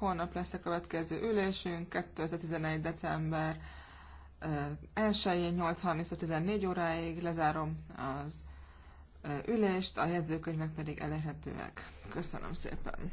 Holnap lesz a következő ülésünk, 2011. december 1-én 8.30-14 óráig lezárom az ülést, a jegyzőkönyvek pedig elérhetőek. Köszönöm szépen!